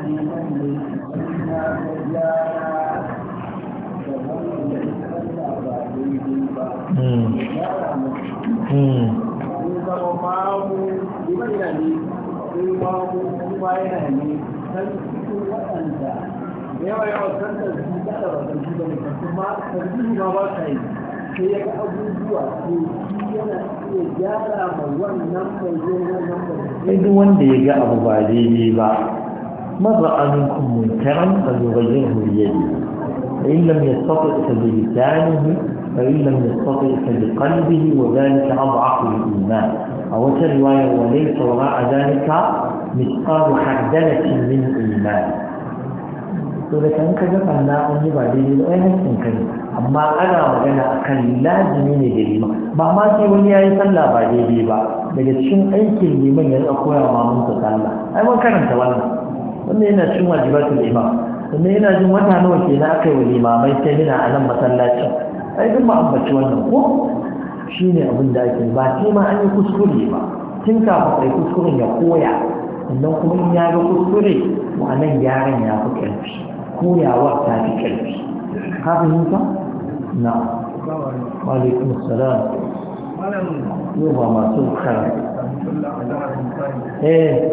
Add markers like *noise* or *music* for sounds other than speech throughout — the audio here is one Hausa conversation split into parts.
yawa da su ya ga abubuwa gyara wannan mai ba wanda ya ga abu ba daidai ba مر عليكم منكرا فليغيره بيده فإن لم يستطع فبلسانه فإن لم يستطع فبقلبه وذلك أضعف الإيمان أو الرواية وليس وراء ذلك مثقال حدلة من الإيمان saboda kan ka gafa na an yi ba daidai ainihin kan amma ana magana a kan lazimi ne da liman ba ma sai wani ya yi sallah ba daidai ba daga cikin aikin liman ya zaɓa koya ma mun ta sallah ai mun karanta wannan yana cin wajibatul imam wannan yana jin wata nawa ke na aka yi wa limamai sai yana a nan masallacin ai duk ma ambaci wannan ko shi ne abin da ake ba ce ma an yi kuskure ba tun kafin kai kuskuren ya koya sannan kuma in ya ga kuskure ma'anan gyaran ya fi ƙarfi koyawa ta fi ƙarfi ka fahimta na alaikum salam yau ba masu kara eh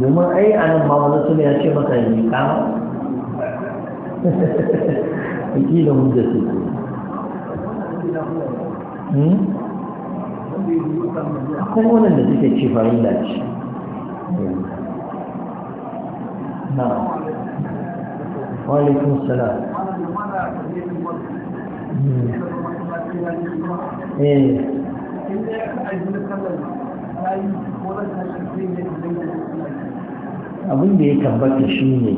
domin ai a nan mamu na ya ce maka yi kama *laughs* iki da mun da su hmm? akwai wannan da suke ce da ce na walikun salam hmm. eh abin da ya tabbata shi ne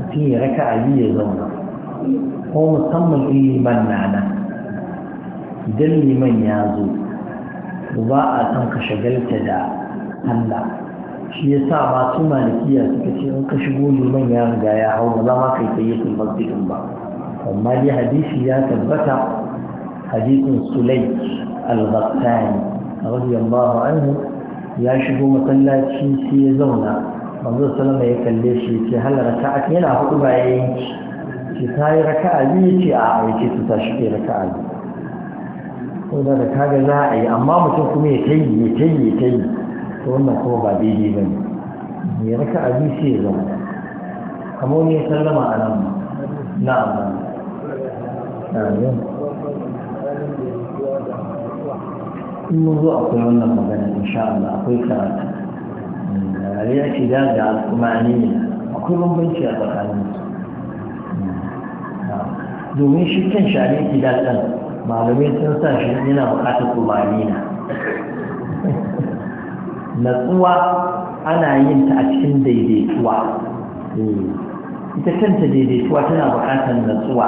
mutum ya raka abi ya zauna ko musamman liman na nan idan liman ya zo ba a san ka shagalta da Allah shi ya sa masu malikiya suka ce in ka shigo liman ya riga ya hau ba za ma kai kai ba amma dai hadisi ya tabbata hadisin sulai al-baktani radiyallahu anhu ya shigo masallaci sai ya zauna manzo sallama ya kalle shi ya ce hal raka'a yana hudu ba ya yanki ta yi raka'a biyu ce a ya ce ta shi ke raka'a biyu ko da da ga za a yi amma mutum kuma ya tayi ya tayi ya tayi to wannan kuma ba daidai ba ne ya raka'a biyu sai ya zauna kamar ne sallama a nan na'am na'am in mun zo akwai wannan magana insha Allah akwai karatu ya ce da da al'umani ne akwai bambanci a tsakanin su domin shi kan shari'a gida ɗan malamai sun sa shi yana buƙatar kumani na natsuwa ana yin ta a cikin daidaituwa eh, ita kanta daidaituwa tana buƙatar natsuwa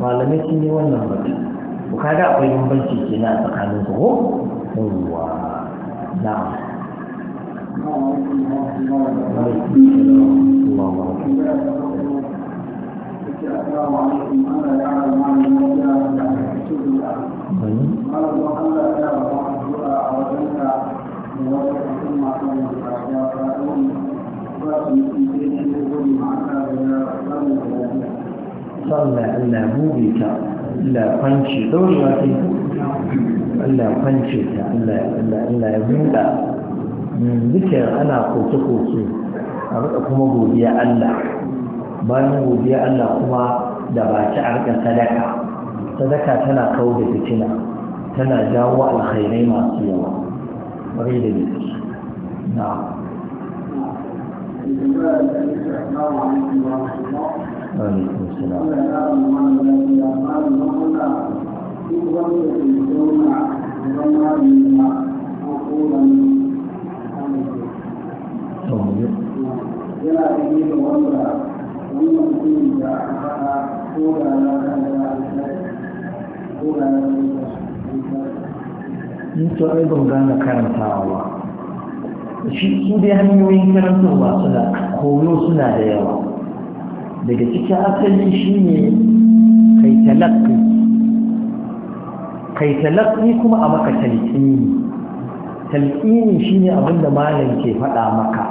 malamai sun yi wannan batu kada akwai yin banki ke na tsakanin su yawa na Allah Allah ta Allah ya kwance ɗorewa ta Allah ya kwance ta Allah ya buɗa mm, dukkan ana koke-koke a rika kuma godiya Allah bayan godiya Allah kuma da baki a rika sadaka sadaka tana kawo da fitina tana jawo alkhairai masu yawa ƙwarai da gaske na in to ai ban gane karantawa shi su dai hanyoyin karantarwa suna koyo suna da yawa daga cikin asali shi ne kai talakki kai talakki kuma a maka talqini talqini shi ne abinda malam ke faɗa maka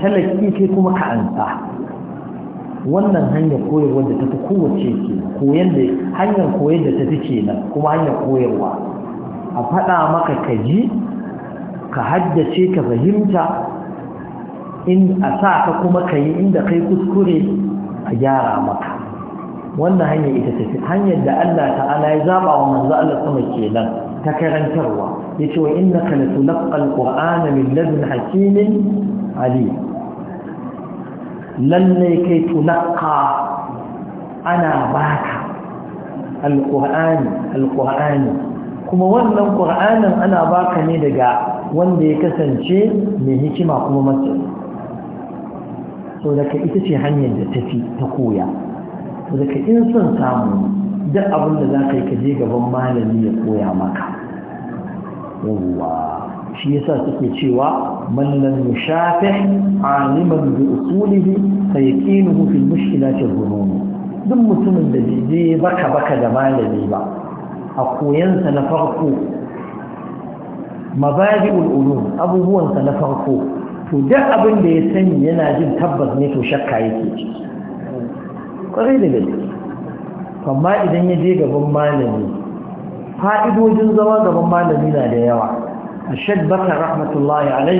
talakki kai kuma ka ansa wannan hanyar koyarwa da ta fi kowace ke koyan da hanyar koyar da ta fi kenan kuma hanyar koyarwa a faɗa maka ka ji ka haddace ka fahimta in a sa ka kuma ka yi inda kai kuskure a gyara maka wannan hanyar ita ce hanyar da Allah ta'ala ya zaba wa manzo Allah sama kenan ta karantarwa yace wa innaka latulqal qur'ana min ladun hakimin ali lalle kai tulqa ana baka alqur'ani alqur'ani kuma wannan qur'anin ana baka ne daga wanda ya kasance mai hikima kuma mace so ita ce hanyar da tafi ta koya so daga in son samu duk abin da za ka yi ka je gaban malami ya koya maka yawwa shi yasa suke cewa man lam yushafi aliman bi usulihi fayaqinuhu fil mushkilati al-dhunun duk mutumin da bai baka baka da malami ba a koyansa na farko mababi'ul ulum abubuwansa na farko to duk abin da ya sani yana jin tabbas ne to shakka yake ci kwarai da gaske amma idan ya je gaban malami fa'idojin zama gaban malami na da yawa ashad baka rahmatullahi alai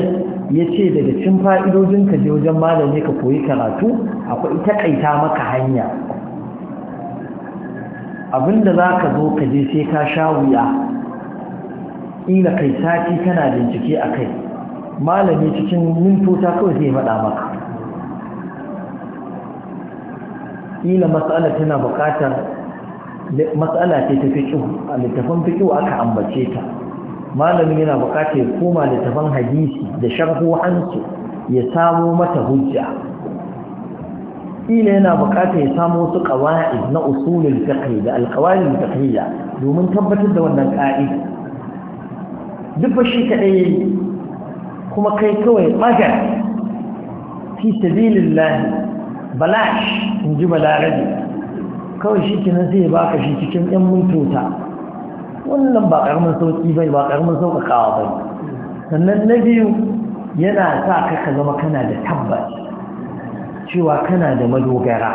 ya ce daga cin fa'idojin ka je wajen malami ka koyi karatu akwai taƙaita maka hanya abinda za ka zo ka je sai ka sha wuya ƙila kai sati kana bincike a kai malami cikin mintota kawai zai faɗa maka ƙila matsala tana buƙatar matsala ce ta fiƙi a littafin fiƙi aka ambace ta Malami yana buƙatar ya koma littafin hadisi da sharhu hansu ya samo mata hujja ƙila yana buƙatar ya samo wasu ƙawa'id na usulul fiqh da alƙawarin tafiya domin tabbatar da wannan ƙa'ida duk ba shi kaɗai ya yi kuma kai kawai magar fi sabilin lahi balash in ji Balarabi. kawai shi ke sai baka shi cikin 'yan mintota wannan ba ƙarmin sauƙi bai ba ƙarmin sauƙaƙawa bai sannan na biyu yana sa kaka zama kana da tabbas cewa kana da madogara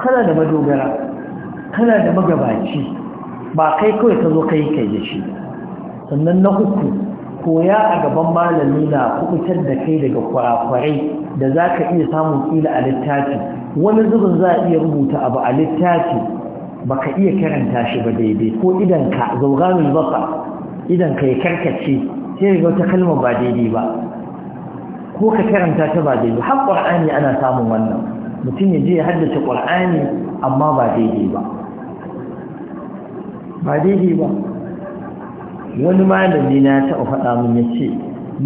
kana da madogara kana da magabaci ba kai kawai ka zo kai kai da shi sannan na uku koya a gaban malami na kubutar da kai daga kwarakwarai da za ka iya samun kila a littafi wani zubin za a iya rubuta abu a littafi ka iya karanta shi ba daidai ko idanka zaugamin basa idanka ya karkace sai ga wata kalmar ba daidai ba ko ka karanta ta ba daidai har qur'ani ana samun wannan mutum ya je ya haddace qur'ani amma ba daidai ba ba daidai ba wani malami na taɓa faɗa min ya ce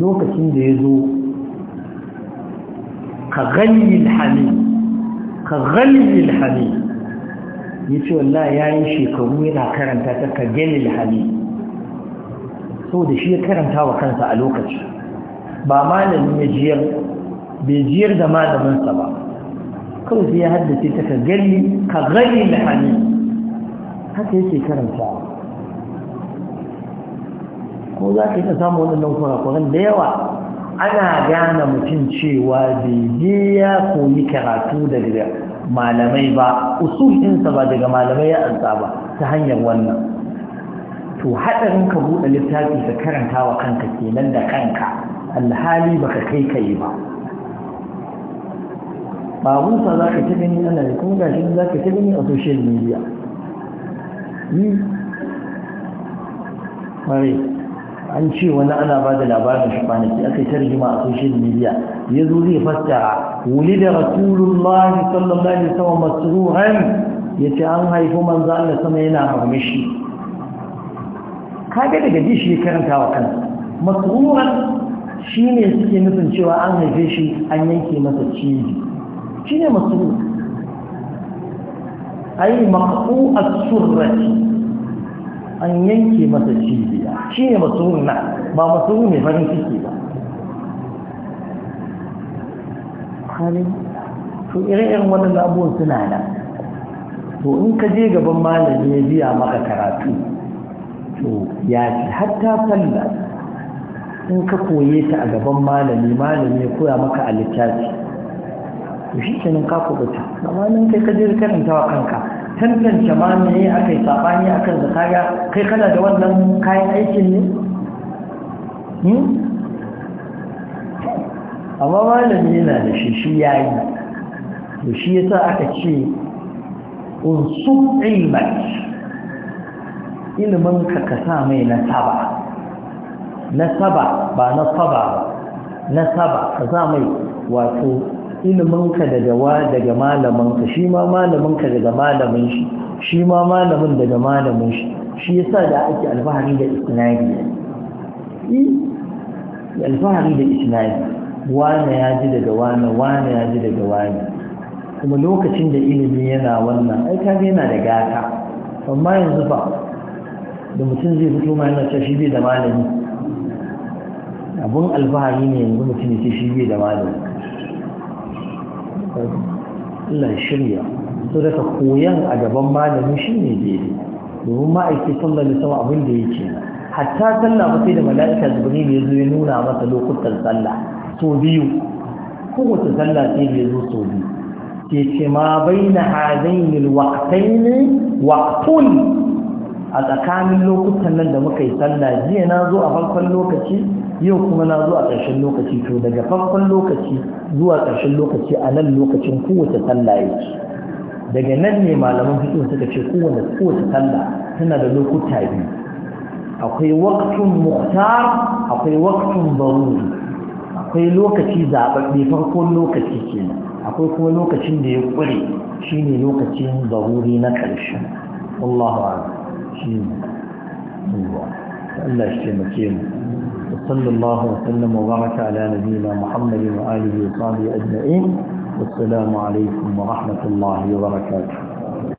lokacin da ya zo ka ghalil hami ka ghalil hami ya ce wallah ya yi shekaru yana karanta ta ka ghalil hami so da shi ya karanta wa kansa a lokaci ba malami ya jiyar bai jiyar da malaminsa ba kawai sai ya haddace ta ka ghalil hami haka yake karantawa ko za ka yi ta samu waɗannan kurakuran da yawa ana gane mutum cewa bai ya koyi karatu daga malamai ba usul ɗinsa ba daga malamai ya ansa ba ta hanyar wannan to haɗarin ka buɗe littafi ka karanta wa kanka kenan da kanka alhali baka kai kai ba ba wuta za ka ta gani ana da kuma gashi za ka ta gani a social media yi hmm? an ce wani ana ba da labarin shi kwanaki aka yi tarjima a social media ya zo zai fassara wuli da rasulullah sallallahu alaihi wasallam masruhan ya ce an haifi manzo Allah sama yana murmushi kaga daga ji shi karanta wa kansa masruhan shine suke nufin cewa an haife shi an yanke masa cibi shine masruh ai maqtu as-surrati an yanke masa cibi shi ne masurun nan ba masurun mai farin ciki ba halin to ire-iren wannan labon suna nan to in ka je gaban malami ya biya maka karatu to ya ce hatta sallah in ka koye ta a gaban malami malami ya koya maka a littafi to shi kenan ka kubuta amma in kai ka je wa kanka tantance ma ne aka yi sabani akan zakaya kai kana da wannan kayan aikin ne hmm? amma malami yana da shi shi ya yi to shi ya sa aka ce unsu ilmat ilimin ka ka sa mai nasaba nasaba ba nasaba ba nasaba ka sa mai wato iliminka daga wa daga malaminka shi ma malaminka daga malamin shi shi ma malamin daga malamin shi shi yasa da ake alfahari da isnadi alfahari da isnadi wane ya ji daga wane wane ya ji daga wane kuma lokacin da ilimi yana wannan ai kaga yana da gata amma yanzu ba da mutum zai fito ma yana cewa shi bai da malami abun alfahari ne yanzu mutum ya ce shi bai da malami Allah shirya so daga koyan a gaban malamin shi ne daidai domin ma'aiki sallar da nisan abin da yake hatta sallah ba sai da mala'ika jibril ne zuwa ya nuna masa lokutan sallah so biyu kowace sallah sai da ya zo so biyu ke ce ma bai na hadainil wa waqtun a tsakanin lokutan nan da muka yi sallah jiya na zo a farkon lokaci yau kuma na zo a ƙarshen lokaci to daga farkon lokaci zuwa ƙarshen lokaci a nan lokacin kowace sallah yake daga nan ne malaman fiƙin suka ce kowace kowace sallah tana da lokuta biyu akwai waktun muhtar akwai waktun baruri akwai lokaci zaɓaɓɓe farkon lokaci kenan akwai kuma lokacin da ya ƙure shine lokacin baruri na ƙarshe Allahu shi الله shi taimake mu وصلى الله وسلم وبارك على نبينا محمد وآله وصحبه أجمعين والسلام عليكم ورحمة الله وبركاته